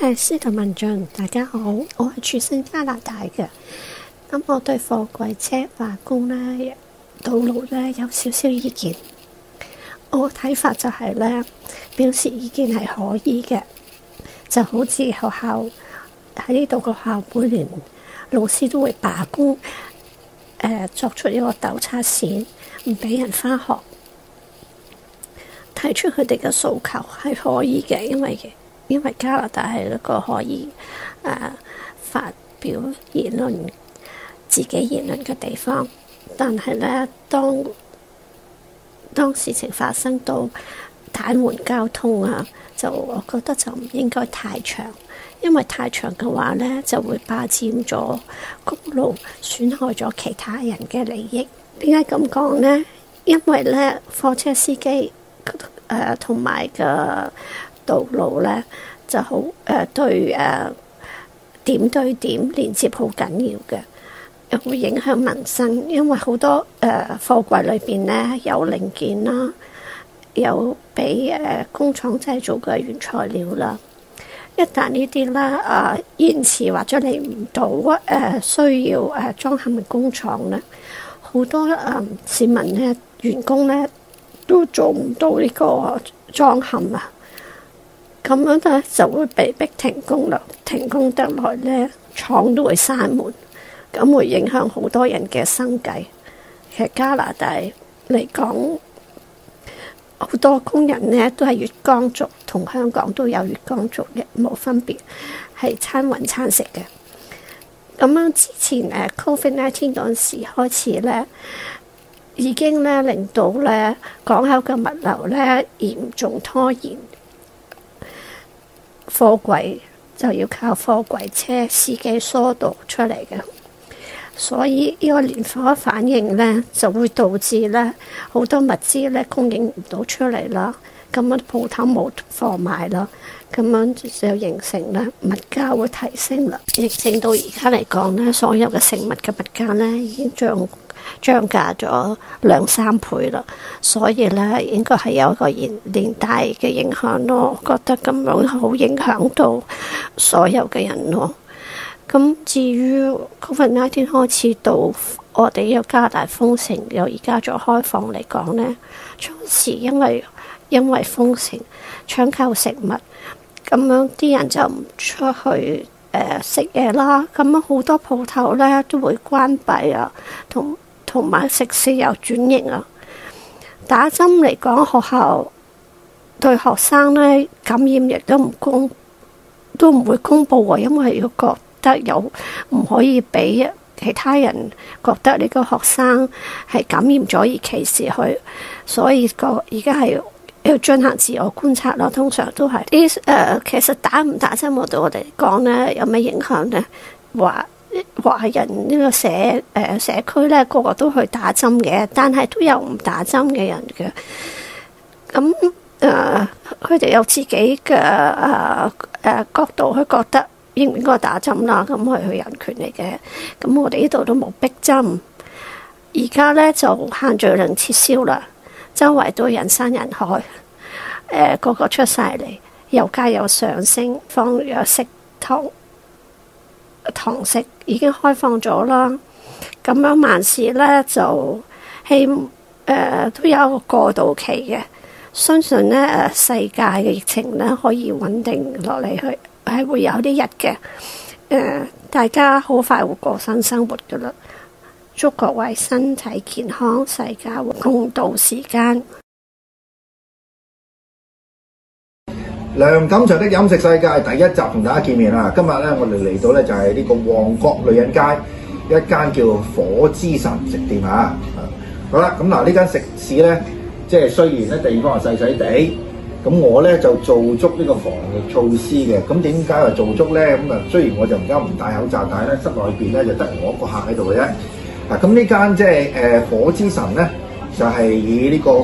誒、司徒文進，大家好，我係處身加拿大嘅。咁我對貨櫃車罷工呢、道路呢有少少意見。我睇法就係呢，表示意見係可以嘅，就好似學校喺呢度個學校，每年，老師都會罷工、呃，作出一個斗叉線，唔俾人返學，提出佢哋嘅訴求係可以嘅，因為因為加拿大係一個可以誒、呃、發表言論、自己言論嘅地方，但係咧，當當事情發生到攔門交通啊，就我覺得就唔應該太長，因為太長嘅話咧，就會霸佔咗公路，損害咗其他人嘅利益。點解咁講呢？因為咧，貨車司機誒同埋嘅。呃道路咧就好誒、呃，對誒、呃、點對點連接好緊要嘅，又會影響民生，因為好多誒、呃、貨櫃裏邊咧有零件啦，有俾誒工廠製造嘅原材料啦。一但呢啲啦啊延遲或者嚟唔到誒、呃，需要誒、呃、裝嵌嘅工廠咧，好多誒、呃、市民咧員工咧都做唔到呢個裝嵌。啊。咁樣咧就會被逼停工啦，停工得耐咧，廠都會閂門，咁會影響好多人嘅生計。其實加拿大嚟講，好多工人咧都係月光族，同香港都有月光族嘅冇分別，係餐揾餐食嘅。咁樣之前誒，COVID-19 嗰時開始咧，已經咧令到咧港口嘅物流咧嚴重拖延。貨櫃就要靠貨櫃車司機疏導出嚟嘅，所以呢個連鎖反應呢就會導致呢好多物資呢供應唔到出嚟啦，咁樣鋪頭冇貨賣啦，咁樣就形成咧物價會提升啦，疫情到而家嚟講呢，所有嘅食物嘅物價呢已經漲。漲價咗兩三倍啦，所以咧應該係有一個年，年大嘅影響咯。覺得咁樣好影響到所有嘅人咯。咁、嗯、至於嗰份那一天開始到我哋又加大封城，又而家再開放嚟講咧，初時因為因為封城搶購食物，咁樣啲人就唔出去誒食嘢啦。咁、嗯、好多鋪頭咧都會關閉啊，同。同埋食肆有轉型啊！打針嚟講，學校對學生咧感染亦都唔公，都唔會公佈喎、啊，因為要覺得有唔可以俾其他人覺得呢個學生係感染咗而歧視佢，所以個而家係要進行自我觀察咯、啊。通常都係啲、uh, 其實打唔打針我對我哋講咧，有咩影響咧？話。華人呢個社誒、呃、社區咧，個個都去打針嘅，但係都有唔打針嘅人嘅。咁誒，佢、呃、哋有自己嘅誒誒角度，佢覺得應唔應該打針啦？咁係佢人權嚟嘅。咁我哋呢度都冇逼針。而家咧就限聚令撤銷啦，周圍都人山人海。誒、呃，個個出晒嚟，油價又上升，方藥式通。堂食已經開放咗啦，咁樣萬事咧就係誒、呃、都有一個過渡期嘅，相信咧誒世界嘅疫情咧可以穩定落嚟去，係會有啲日嘅，誒、呃、大家好快會過新生活噶啦，祝各位身體健康，世界會共度時間。梁錦祥的飲食世界第一集同大家見面啦！今日咧我哋嚟到咧就係呢個旺角女人街一間叫火之神食店啊！好啦，咁、嗯、嗱、啊、呢間食肆咧，即係雖然咧地方係細細地，咁我咧就做足呢個防疫措施嘅。咁點解話做足咧？咁啊雖然我就而家唔戴口罩，但係咧室內邊咧就得我一個客喺度嘅啫。嗱、啊，咁呢間即係誒、呃、火之神咧，就係、是、以呢個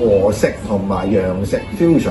和式同埋洋式 fusion。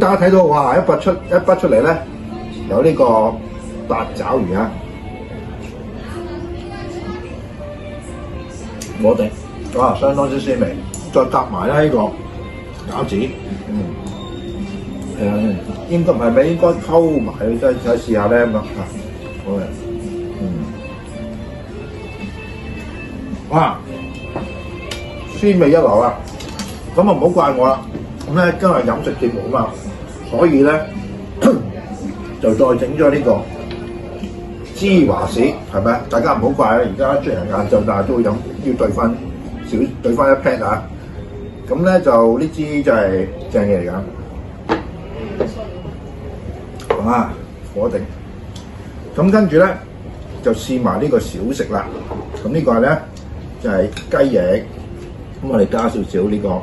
大家睇到哇，一筆出一筆出嚟咧，有呢個八爪魚啊，我哋、嗯、相當之鮮味，再夾埋咧呢個餃子，嗯，係啊，應該唔係咩？應該溝埋，真係試下咧咁啊，好啊、嗯，嗯，哇，鮮味一流啊，咁啊唔好怪我啦、啊。咧今日飲食節目啊嘛，所以咧就再整咗呢個芝華士，係咪啊？大家唔好怪啦，而家出人晏晝就但係都會飲，要兌翻少兌翻一 pat 啊！咁咧就呢支就係正嘢嚟㗎，好嘛？火定。咁、啊啊、跟住咧就試埋呢個小食啦。咁、啊這個、呢個咧就係、是、雞翼，咁我哋加少少呢個。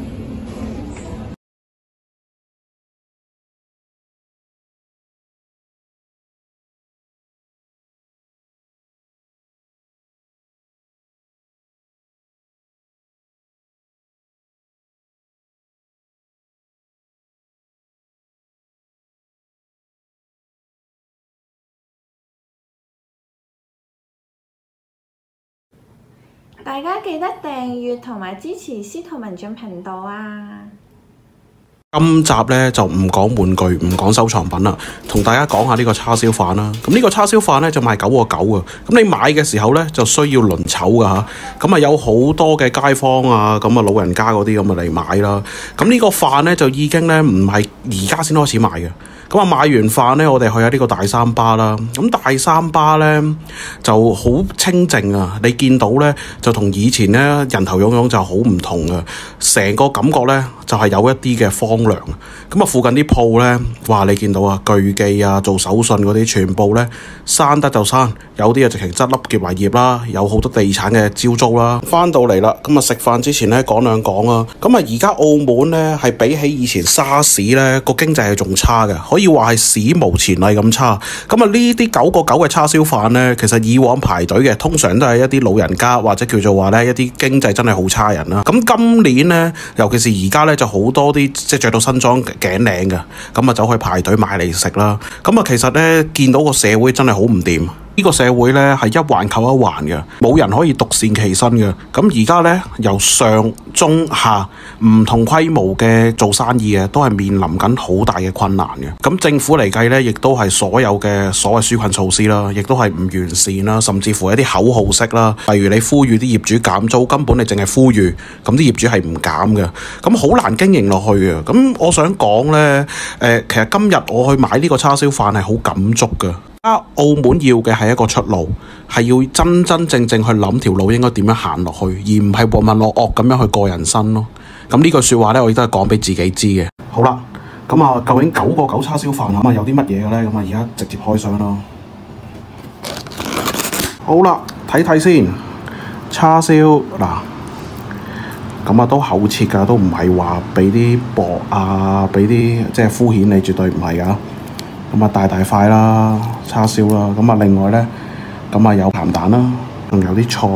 大家記得訂閱同埋支持司徒文進頻道啊！今集咧就唔講玩具，唔講收藏品啦，同大家講下呢個叉燒飯啦。咁、嗯、呢、這個叉燒飯咧就賣九個九啊。咁、嗯、你買嘅時候咧就需要輪籌噶吓。咁啊、嗯、有好多嘅街坊啊，咁、嗯、啊老人家嗰啲咁啊嚟買啦。咁、嗯這個、呢個飯咧就已經咧唔係而家先開始賣嘅。咁啊，買完飯呢，我哋去下呢個大三巴啦。咁大三巴呢就好清靜啊，你見到呢，就同以前呢人頭湧湧就好唔同啊。成個感覺呢，就係、是、有一啲嘅荒涼。咁啊，附近啲鋪呢，哇，你見到啊，巨記啊，做手信嗰啲全部呢，閂得就閂，有啲啊直情執笠結埋業啦，有好多地產嘅招租啦、啊。翻到嚟啦，咁啊食飯之前呢，講兩講啊。咁啊，而家澳門呢，係比起以前沙士呢個經濟係仲差嘅，可以，要話係史無前例咁差，咁啊呢啲九個九嘅叉燒飯呢，其實以往排隊嘅通常都係一啲老人家或者叫做話呢一啲經濟真係好差人啦。咁今年呢，尤其是而家呢，就好多啲即係着到新裝頸領嘅，咁啊走去排隊買嚟食啦。咁啊其實呢，見到個社會真係好唔掂。呢個社會呢，係一環扣一環嘅，冇人可以獨善其身嘅。咁而家呢，由上中下唔同規模嘅做生意呀，都係面臨緊好大嘅困難嘅。咁政府嚟計呢，亦都係所有嘅所謂紓困措施啦，亦都係唔完善啦，甚至乎一啲口號式啦。例如你呼籲啲業主減租，根本你淨係呼籲，咁啲業主係唔減嘅，咁好難經營落去嘅。咁我想講呢，呃，其實今日我去買呢個叉燒飯係好感觸嘅。而家澳門要嘅係一個出路，係要真真正正去諗條路應該點樣行落去，而唔係渾渾噩噩咁樣去過人生咯。咁呢句說話咧，我亦都係講俾自己知嘅。好啦，咁啊，究竟九個九叉燒飯盒啊，有啲乜嘢嘅咧？咁啊，而家直接開箱咯。好啦，睇睇先，叉燒嗱，咁啊都厚切噶，都唔係話俾啲薄啊，俾啲即係敷衍你，絕對唔係噶。咁啊大大塊啦，叉燒啦，咁啊另外呢，咁啊有鹹蛋啦，仲有啲菜。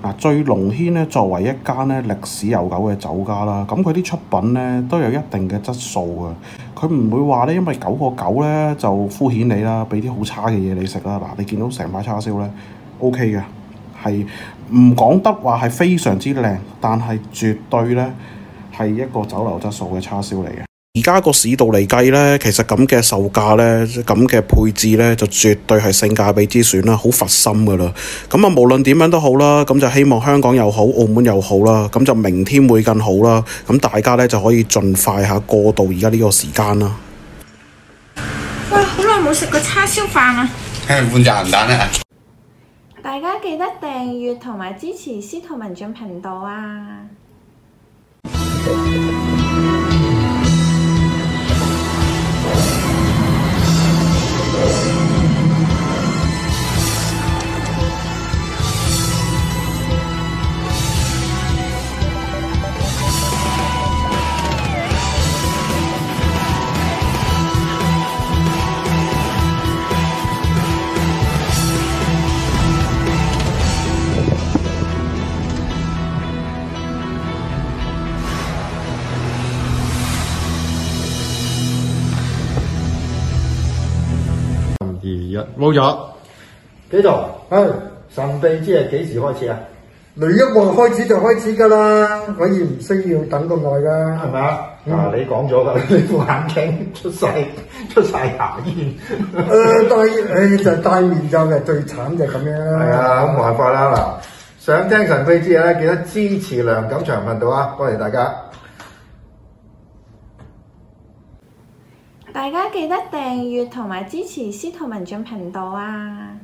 嗱、啊，醉龍軒呢，作為一間呢歷史悠久嘅酒家啦，咁佢啲出品呢，都有一定嘅質素啊。佢唔會話呢，因為九個九呢，就敷衍你啦，俾啲好差嘅嘢你食啦。嗱、啊，你見到成排叉燒呢，OK 嘅，係唔講得話係非常之靚，但係絕對呢，係一個酒樓質素嘅叉燒嚟嘅。而家個市道嚟計呢，其實咁嘅售價呢，咁嘅配置呢，就絕對係性價比之選啦，好佛心噶啦。咁啊，無論點樣都好啦，咁就希望香港又好，澳門又好啦，咁就明天會更好啦。咁大家呢，就可以盡快下過渡而家呢個時間啦。喂，好耐冇食過叉燒飯啊！ 大家記得訂閱同埋支持司徒文進頻道啊！冇咗，基督，道哎，神秘之夜幾時開始啊？雷一望開始就開始噶啦，我哋唔需要等咁耐噶，係咪、嗯、啊？嗱，你講咗啦，你副眼鏡出晒出晒牙煙，誒戴、呃、誒、哎、就戴、是、面罩嘅最慘就咁樣。係 啊，冇辦法啦嗱，想聽神秘之夜咧，記得支持梁錦祥頻道啊，多謝大家。大家記得訂閱同埋支持司徒文進頻道啊！